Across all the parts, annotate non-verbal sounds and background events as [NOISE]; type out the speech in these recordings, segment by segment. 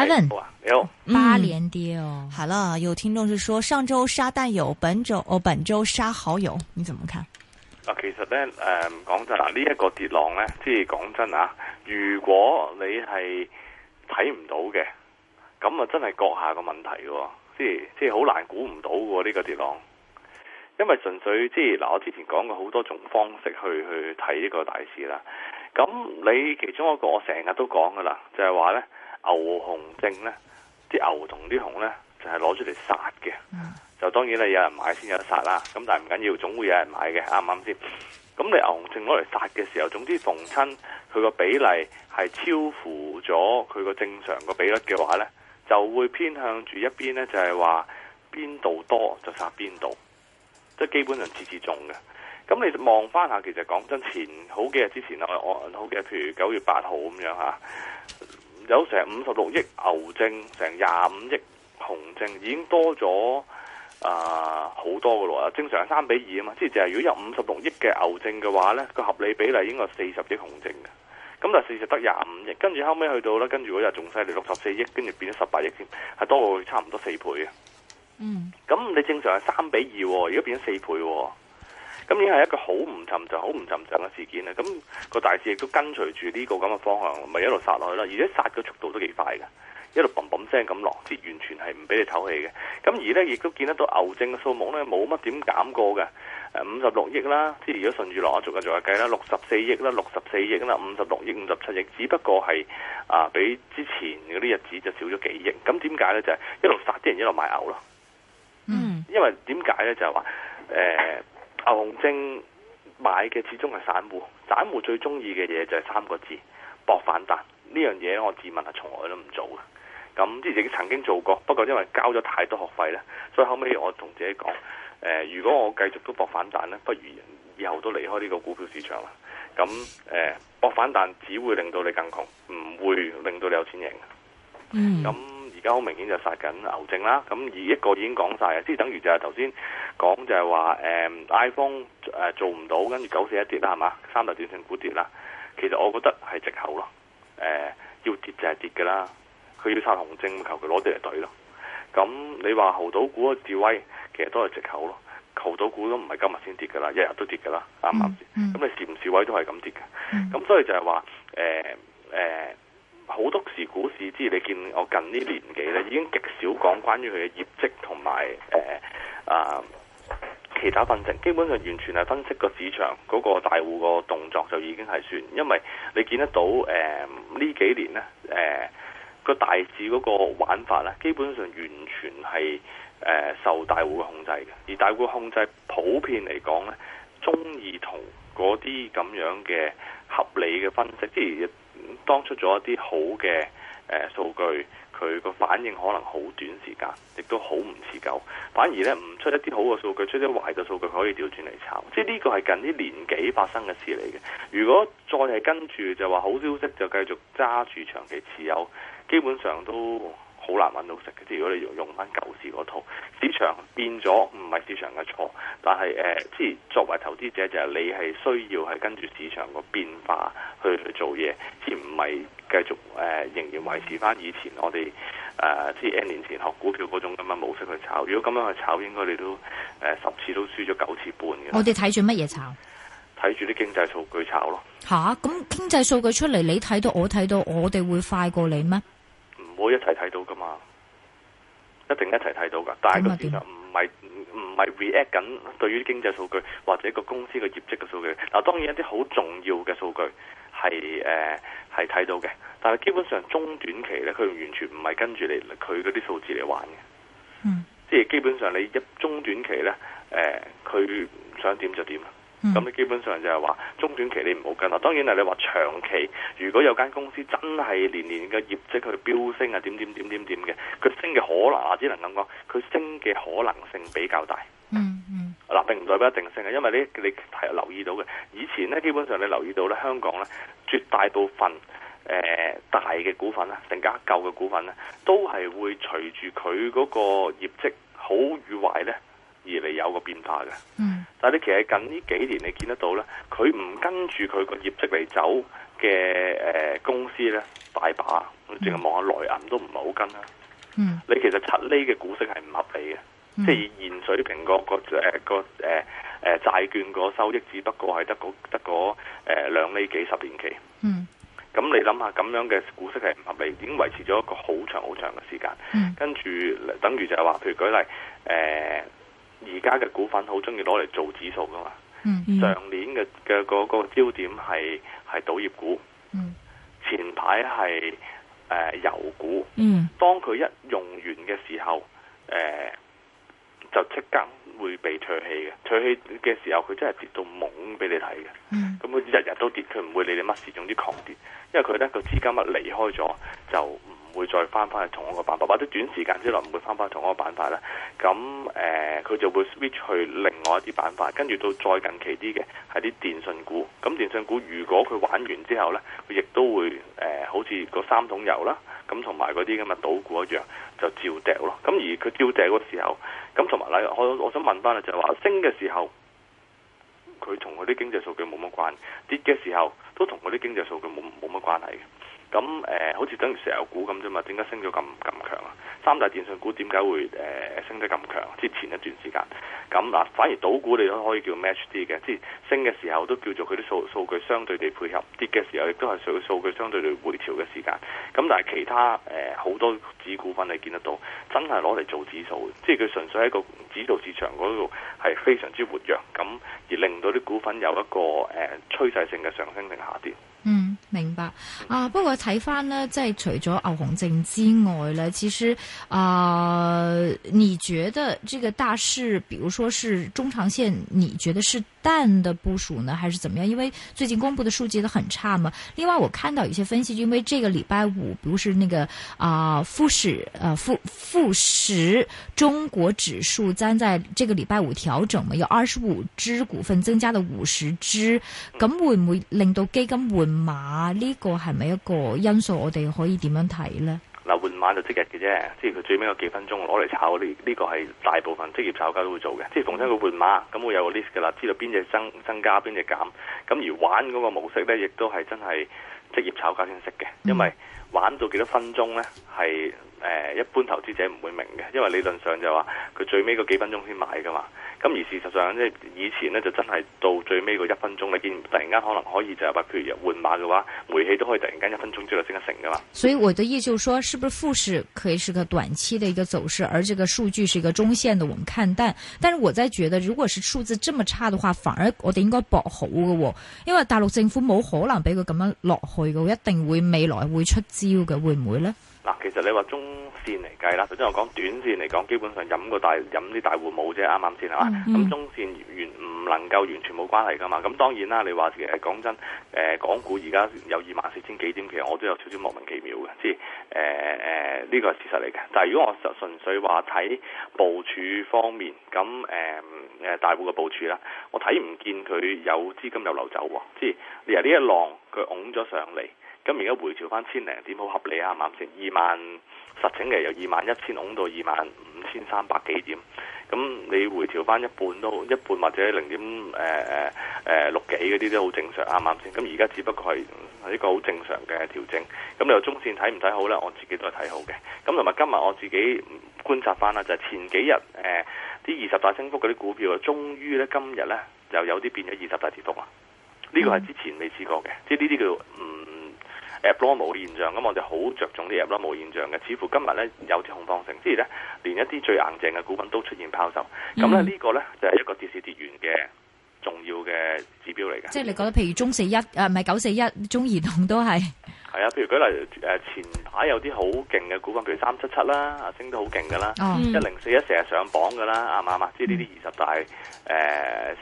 冇 Alan, 啊，冇八連跌哦。嗯、好啦，有聽眾就說上周殺淡友本周、哦、本周殺好友，你怎麼看？啊，其實咧，誒、呃，講真嗱，呢、這、一個跌浪咧，即係講真啊，如果你係睇唔到嘅，咁啊真係閣下個問題嘅，即係即係好難估唔到嘅呢、這個跌浪，因為純粹即係嗱，我之前講過好多種方式去去睇呢個大市啦。咁你其中一個，我成日都講噶啦，就係話咧。牛熊證呢啲牛同啲熊呢，就係、是、攞出嚟殺嘅，就當然呢有人買先有得殺啦。咁但係唔緊要，總會有人買嘅，啱唔啱先？咁你牛熊證攞嚟殺嘅時候，總之逢親佢個比例係超乎咗佢個正常個比率嘅話呢，就會偏向住一邊呢，就係話邊度多就殺邊度，即係基本上次次中嘅。咁你望翻下，其實講真，前好幾日之前啊，我好幾日，譬如九月八號咁樣吓。有成五十六億牛證，成廿五億紅證，已經多咗啊好多噶啦！正常係三比二啊嘛，即係如果有五十六億嘅牛證嘅話呢、呢個合理比例應該係四十億紅證嘅。咁但係四十得廿五億，跟住後尾去到呢，跟住嗰日仲犀利，六十四億，跟住變咗十八億添，係多過差唔多四倍嘅。嗯，咁你正常係三比二、哦，而家變咗四倍、哦。咁已經係一個好唔尋常、好唔尋常嘅事件。咁個大市亦都跟隨住呢個咁嘅方向，咪一路殺落去啦。而且殺嘅速度都幾快嘅，一路砰砰聲咁落，即完全係唔俾你唞氣嘅。咁而呢，亦都見得到牛證嘅數目呢冇乜點減過嘅。五十六億啦，即如果順住落啊，逐個逐個計啦，六十四億啦，六十四億啦，五十六億、五十七億，只不過係啊，比之前嗰啲日子就少咗幾億。咁點解呢？就係一路殺啲人，一路買牛咯。嗯。因為點解呢？就係話呃牛熊證買嘅始終係散戶，散戶最中意嘅嘢就係三個字：博反彈。呢樣嘢我自問係從來都唔做嘅。咁自己曾經做過，不過因為交咗太多學費咧，所以後尾我同自己講：誒、呃，如果我繼續都博反彈咧，不如以後都離開呢個股票市場啦。咁誒，博、呃、反彈只會令到你更窮，唔會令到你有錢贏咁。嗯而家好明顯就殺緊牛證啦，咁而一個已經講晒，啊，即係等於就係頭先講就係話誒 iPhone 誒、呃、做唔到，跟住九四一跌啦，係嘛？三大電訊股跌啦，其實我覺得係藉口咯，誒、呃、要跌就係跌嘅啦，佢要殺紅證，求其攞啲嚟對咯。咁你話濠賭股嘅跌威，其實都係藉口咯。濠賭股都唔係今日先跌嘅啦，日日都跌嘅啦，啱唔啱先？咁、嗯嗯、你示唔示威都係咁跌嘅，咁、嗯、所以就係話誒。呃好事之，你見我近呢年幾咧，已經極少講關於佢嘅業績同埋、呃啊、其他分析，基本上完全係分析個市場嗰、那個大戶個動作就已經係算了，因為你見得到誒呢、呃、幾年呢個、呃、大市嗰個玩法咧，基本上完全係、呃、受大戶嘅控制嘅，而大戶嘅控制普遍嚟講咧，鍾意同嗰啲咁樣嘅合理嘅分析，即係當出咗一啲好嘅。誒數據，佢個反應可能好短時間，亦都好唔持久。反而呢唔出一啲好嘅數據，出啲壞嘅數據，佢可以調轉嚟炒。即係呢個係近啲年幾發生嘅事嚟嘅。如果再係跟住就話好消息就繼續揸住長期持有，基本上都好難揾到食。即係如果你用返翻舊時嗰套，市場變咗，唔係市場嘅錯，但係、呃、即係作為投資者，就係你係需要係跟住市場個變化去做嘢，而唔係。繼續、呃、仍然維持翻以前我哋誒、呃，即係 N 年前學股票嗰種咁嘅模式去炒。如果咁樣去炒，應該你都誒、呃、十次都輸咗九次半嘅。我哋睇住乜嘢炒？睇住啲經濟數據炒咯。嚇！咁經濟數據出嚟，你睇到我睇到，我哋會快過你咩？唔會一齊睇到噶嘛，一定一齊睇到噶。但係佢其實唔係唔唔係 react 緊對於經濟數據或者個公司嘅業績嘅數據。嗱，當然一啲好重要嘅數據。係誒，係睇、呃、到嘅，但係基本上中短期咧，佢完全唔係跟住你佢嗰啲數字嚟玩嘅，嗯，即係基本上你一中短期咧，誒、呃，佢想點就點，咁你、嗯、基本上就係話中短期你唔好跟啦。當然啦，你話長期，如果有間公司真係年年嘅業績佢飆升啊，點點點點點嘅，佢升嘅可能只能咁講，佢升嘅可能性比較大，嗯。嗱，並唔代表一定性嘅，因為咧，你係留意到嘅，以前咧，基本上你留意到咧，香港咧，絕大部分誒、呃、大嘅股份咧，成間舊嘅股份咧，都係會隨住佢嗰個業績好與壞咧，而嚟有個變化嘅。嗯。但係你其實近呢幾年你見得到咧，佢唔跟住佢個業績嚟走嘅誒、呃、公司咧，大把。我淨係望下內銀都唔係好跟啦。嗯。你其實七厘嘅股息係唔合理嘅。嗯、即係現水平個個誒個誒誒債券個收益，只不過係得個得個誒兩釐幾十年期。嗯，咁你諗下，咁樣嘅股息係唔合理，已經維持咗一個好長好長嘅時間。嗯、跟住等於就係話，譬如舉例，誒而家嘅股份好鍾意攞嚟做指數㗎嘛。上、嗯嗯、年嘅嘅嗰個焦點係係賭業股。嗯，前排係誒油股。嗯，當佢一用完嘅時候，誒、呃。就即刻會被唾棄嘅，唾棄嘅時候佢真係跌到懵俾你睇嘅。咁佢日日都跌，佢唔會理你乜事，總之狂跌。因為佢呢個資金一離開咗，就唔會再返返去同一個板塊，或者短時間之內唔會返返同一個板塊啦。咁誒，佢、呃、就會 switch 去另外一啲板塊，跟住到再近期啲嘅係啲電訊股。咁電訊股如果佢玩完之後呢，佢亦都會誒、呃、好似嗰三桶油啦。咁同埋嗰啲咁嘅賭股一樣，就照掉咯。咁而佢照掉嗰時候，咁同埋咧，我我想問翻咧，就係話升嘅時候，佢同佢啲經濟數據冇乜關係；跌嘅時候，都同佢啲經濟數據冇冇乜關係嘅。咁誒、呃，好似等於石油股咁啫嘛？點解升咗咁咁強啊？三大電訊股點解會誒、呃、升得咁強？即前一段時間咁嗱，反而倒股你都可以叫 match 啲嘅，即升嘅時候都叫做佢啲數數據相對地配合，跌嘅時候亦都係數數據相對地回調嘅時間。咁但係其他誒好、呃、多指股份你見得到，真係攞嚟做指數即即佢純粹喺個指導市場嗰度係非常之活躍，咁而令到啲股份有一個誒趨勢性嘅上升定下跌。明白啊，不過睇翻咧，即係除咗牛熊證之外咧，其實啊、呃，你覺得這個大市，比如說是中長線，你覺得是？但的部署呢，還是怎麼樣？因為最近公布的數據都很差嘛。另外，我看到有些分析，因為這個禮拜五，比如是那個啊富時，呃，呃富富時，中國指數站在這個禮拜五調整嘛，有二十五隻股份增加了五十隻，咁會唔會令到基金換馬呢個係咪一個因素？我哋可以點樣睇呢？買就即日嘅啫，即係佢最尾有幾分鐘攞嚟炒呢？呢個係大部分職業炒家都會做嘅。即係逢親佢換碼，咁會有個 list 㗎啦，知道邊隻增增加，邊隻減。咁而玩嗰個模式呢，亦都係真係職業炒家先識嘅，因為玩到幾多分鐘呢係。誒、呃、一般投資者唔會明嘅，因為理論上就話佢最尾嗰幾分鐘先買噶嘛。咁而事實上，即係以前呢就真係到最尾嗰一分鐘，你見突然間可能可以就係話譬如換碼嘅話，煤氣都可以突然間一分鐘之內升得成噶嘛。所以我的意思就是說，是不是富士可以係個短期嘅一個走勢，而這個數據是一個中線的，我們看淡。但是我在覺得，如果是數字這麼差的話，反而我哋應該博好嘅我、哦，因為大陸政府冇可能俾佢咁樣落去嘅，一定會未來會出招嘅，會唔會呢？嗱，其實你話中線嚟計啦，首先我講短線嚟講，基本上飲個大飲啲大戶冇啫，啱啱先係嘛？咁、mm hmm. 中線完唔能夠完全冇關係噶嘛？咁當然啦，你話其實講真，誒港股而家有二萬四千幾點，其實我都有少少莫名其妙嘅，即係誒誒呢個係事實嚟嘅。但係如果我純粹話睇部署方面，咁誒誒大戶嘅部署啦，我睇唔見佢有資金又流走喎，即係由呢一浪佢拱咗上嚟。咁而家回調翻千零點好合理啊，啱唔啱先？二萬實整嘅由二萬一千拱到二萬五千三百幾點，咁你回調翻一半都好一半或者零點誒誒誒六幾嗰啲都好正常，啱唔啱先？咁而家只不過係一個好正常嘅調整，咁你由中線睇唔睇好咧？我自己都係睇好嘅。咁同埋今日我自己觀察翻啦，就係前幾日誒啲二十大升幅嗰啲股票啊，終於咧今日咧又有啲變咗二十大跌幅啊！呢個係之前未試過嘅，即係呢啲叫嗯。入咯冇現象，咁我就好着重啲入咯冇現象嘅。似乎今日咧有啲恐慌性，之而咧連一啲最硬淨嘅股份都出現拋售，咁咧、嗯、呢、這個咧就係、是、一個跌市跌完嘅重要嘅指標嚟嘅。即係你覺得，譬如中四一啊，唔係九四一，中移動都係。係啊，譬如舉例誒，前排有啲好勁嘅股份，譬如三七七啦，啊升得好勁㗎啦，一零四一成日上榜㗎啦，啱唔啱啊？即係呢啲二十大誒、呃、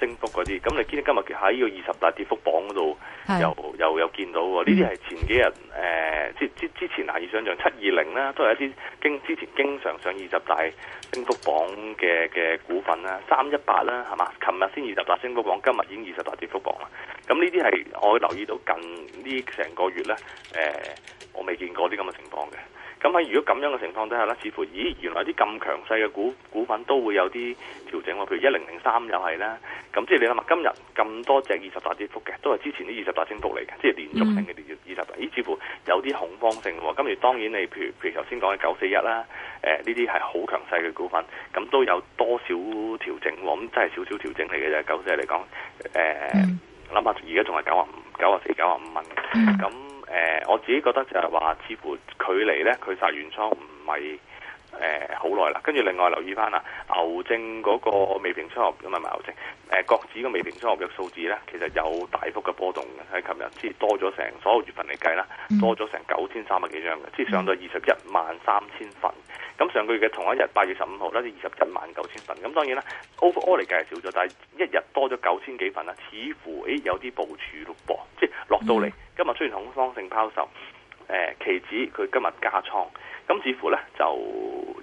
升幅嗰啲，咁你見今日喺呢個二十大跌幅榜嗰度又是又,又有見到喎？呢啲係前幾日誒，即、呃、之之前難以想象，七二零啦，都係一啲經之前經常上二十大升幅榜嘅嘅股份、啊、啦，三一八啦，係嘛？琴日先二十大升幅榜，今日已經二十大跌幅榜啦。咁呢啲係我留意到近呢成個月呢，誒、呃，我未見過啲咁嘅情況嘅。咁喺如果咁樣嘅情況底下呢，似乎咦，原來啲咁強勢嘅股股份都會有啲調整喎。譬如一零零三又係啦，咁即係你諗下，今日咁多隻二十大跌幅嘅，都係之前啲二十大升幅嚟嘅，即係連續性嘅二十大。咦，mm. 似乎有啲恐慌性喎。咁而當然你譬如譬如頭先講嘅九四一啦，誒呢啲係好強勢嘅股份，咁都有多少調整喎？咁、呃、真係少少調整嚟嘅啫，九四一嚟講，呃 mm. 諗下，而家仲係九啊五、九啊四、九啊五蚊。咁誒，我自己覺得就係話，似乎距離咧佢殺完倉唔係誒好耐啦。跟、呃、住另外留意翻啦，牛證嗰個未平倉，咁係咪牛證？誒、呃，國指嘅未平倉嘅數字咧，其實有大幅嘅波動嘅。喺琴日，即多咗成所有月份嚟計啦，多咗成九千三百幾張嘅，即係上到二十一萬三千份。咁上個月嘅同一日 ,8 15日，八月十五號啦，啲二十一萬九千份。咁當然啦，overall 嚟計係少咗，但係，就是，一日多咗九千幾份啦，似乎誒，哎、有啲部署咯噃，即係落到嚟，嗯、今日出現恐慌性拋售。誒，期指佢今日加倉，咁、嗯、似乎呢，就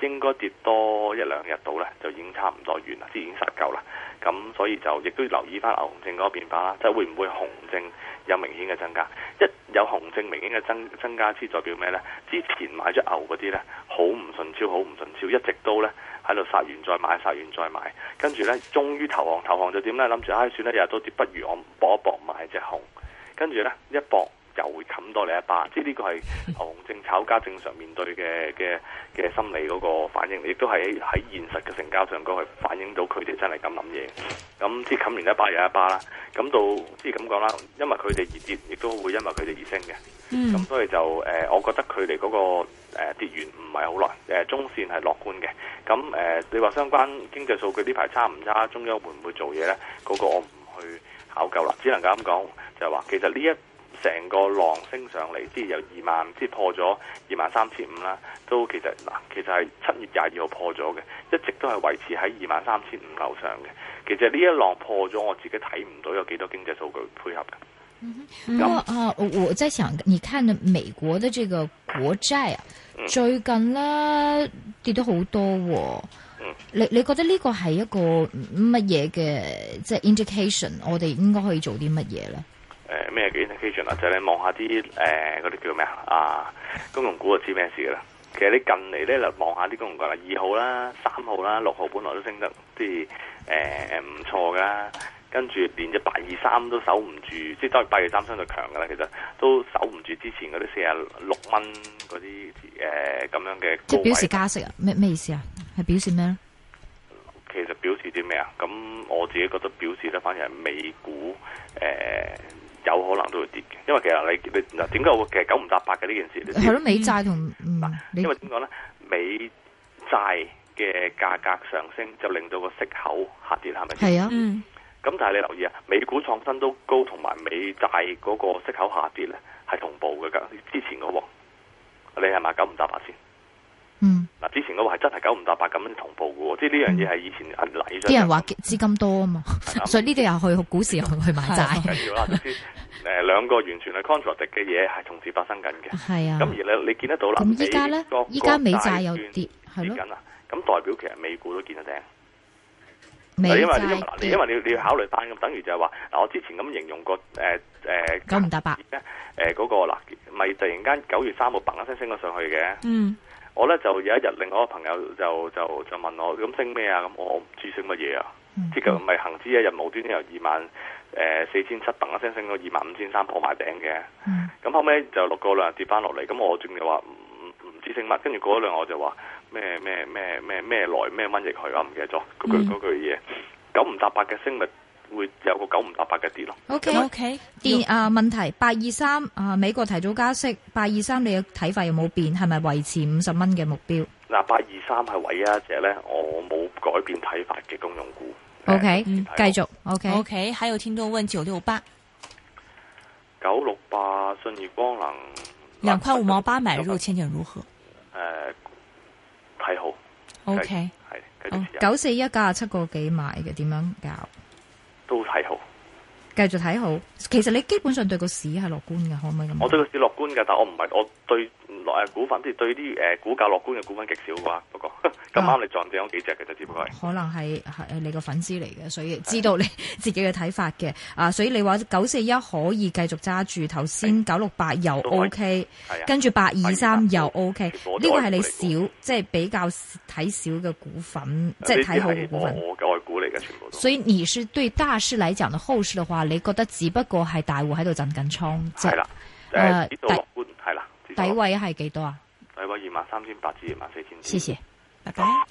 應該跌多一兩日到呢，就已經差唔多完啦，已經殺夠啦。咁、嗯、所以就亦都留意翻牛熊證嗰個變化啦，即係會唔會熊證有明顯嘅增加？一有熊證明顯嘅增增加，之代表咩呢？之前買咗牛嗰啲呢，好唔順超，好唔順超，一直都呢喺度殺完再買，殺完再買，跟住呢，終於投降投降就點呢？諗住唉，算啦，日日都跌，不如我搏一搏買隻熊，跟住呢，一搏。又會冚多你一巴，即係呢個係行情炒家正常面對嘅嘅嘅心理嗰個反應，亦都係喺現實嘅成交上嗰去反映到佢哋真係咁諗嘢。咁即係冚完一巴又一巴啦，咁到即係咁講啦，因為佢哋而跌，亦都會因為佢哋而升嘅。咁、嗯、所以就誒、呃，我覺得佢哋嗰個跌完唔係好耐，誒、呃、中線係樂觀嘅。咁誒、呃，你話相關經濟數據呢排差唔差？中央會唔會做嘢咧？嗰、那個我唔去考究啦，只能夠咁講，就係、是、話其實呢一。成個浪升上嚟，即係有二萬，即係破咗二萬三千五啦。都其實嗱，其實係七月廿二號破咗嘅，一直都係維持喺二萬三千五樓上嘅。其實呢一浪破咗，我自己睇唔到有幾多經濟數據配合嘅。咁啊，我在想，你看美國的這個國債啊，嗯、最近咧跌咗好多、哦。嗯、你你覺得呢個係一個乜嘢嘅即係、就是、indication？我哋應該可以做啲乜嘢呢？誒咩嘅 indication 啦，就係你望下啲誒嗰啲叫咩啊啊，金融股就知咩事噶啦。其實你近嚟咧，就望下啲金融股啦，二號啦、三號啦、六號本來都升得即係誒唔錯噶，跟住連隻八二三都守唔住，即係都係八二三相對強噶啦，其實都守唔住之前嗰啲四啊六蚊嗰啲誒咁樣嘅，即係表示加息啊？咩咩意思啊？係表示咩？其實表示啲咩啊？咁我自己覺得表示咧，反而係美股誒。呃有可能都會跌嘅，因為其實你你點解會其實九唔搭八嘅呢件事？係咯，美債同，唔、嗯，因為點講咧？美債嘅價格上升就令到個息口下跌，係咪先？係啊，咁嗎、嗯、但係你留意啊，美股創新都高，同埋美債嗰個息口下跌咧，係同步嘅。噶之前嗰、那個，你係咪九唔搭八先？之前嘅話係真係九唔搭八咁樣同步嘅，即係呢樣嘢係以前銀禮。啲人話資金多啊嘛，所以呢啲又去股市又去買債。咁樣啦，誒兩個完全係 c o n t r a c t 嘅嘢係同時發生緊嘅。係啊，咁而你你見得到啦。咁依家咧，依家美債有跌，係咯。咁代表其實美股都見咗頂。美債，因為因為你你要考慮翻咁，等於就係話嗱，我之前咁形容過誒誒九唔搭八誒嗰個啦，咪突然間九月三號嘭一聲升咗上去嘅。嗯。我咧就有一日，另外一個朋友就就就問我，咁升咩啊？咁我唔知升乜嘢啊？即係今日咪恆指一日無端端由二萬四千七百一間升升到二萬五千三破買頂嘅。咁、mm. 後尾就落個兩日跌翻落嚟。咁我仲要話唔唔知升乜？跟住過咗兩我就我話咩咩咩咩咩來咩瘟疫去啊？唔記得咗嗰句句嘢。九唔搭八嘅升物。會有個九五八八嘅跌咯。O K O K，跌啊，問題八二三啊，美國提早加息，八二三你嘅睇法有冇變？係咪維持五十蚊嘅目標？嗱、呃，八二三係唯一一隻咧，我冇改變睇法嘅公用股。O K，繼續。O K O K，喺度天通萬九六八，九六八信義光能兩塊五毛八買入，前景如何？誒、呃，睇好。O K，係。繼續。九四一九十七個幾買嘅？點樣搞？都睇好，繼續睇好。其實你基本上對個市係樂觀嘅，可唔可以咁？我對個市樂觀嘅，但我唔係我對誒股份，即係對啲誒、呃、股價樂觀嘅股份極少啩，不過咁啱你撞正咗幾隻嘅，啫、啊，只不過係可能係係你個粉絲嚟嘅，所以知道你的自己嘅睇法嘅啊。所以你話九四一可以繼續揸住，頭先九六八又 OK，跟住八二三又 OK，呢的個係你少即係比較睇少嘅股份，即係睇好嘅股份。所以你是對大市來講的後市的話，你覺得只不過係大戶喺、就是、度震緊倉，即係啦、呃，誒對，幾多？係啦，低位係幾多啊？低位二萬三千八至二萬四千。謝謝，拜拜。 [LAUGHS]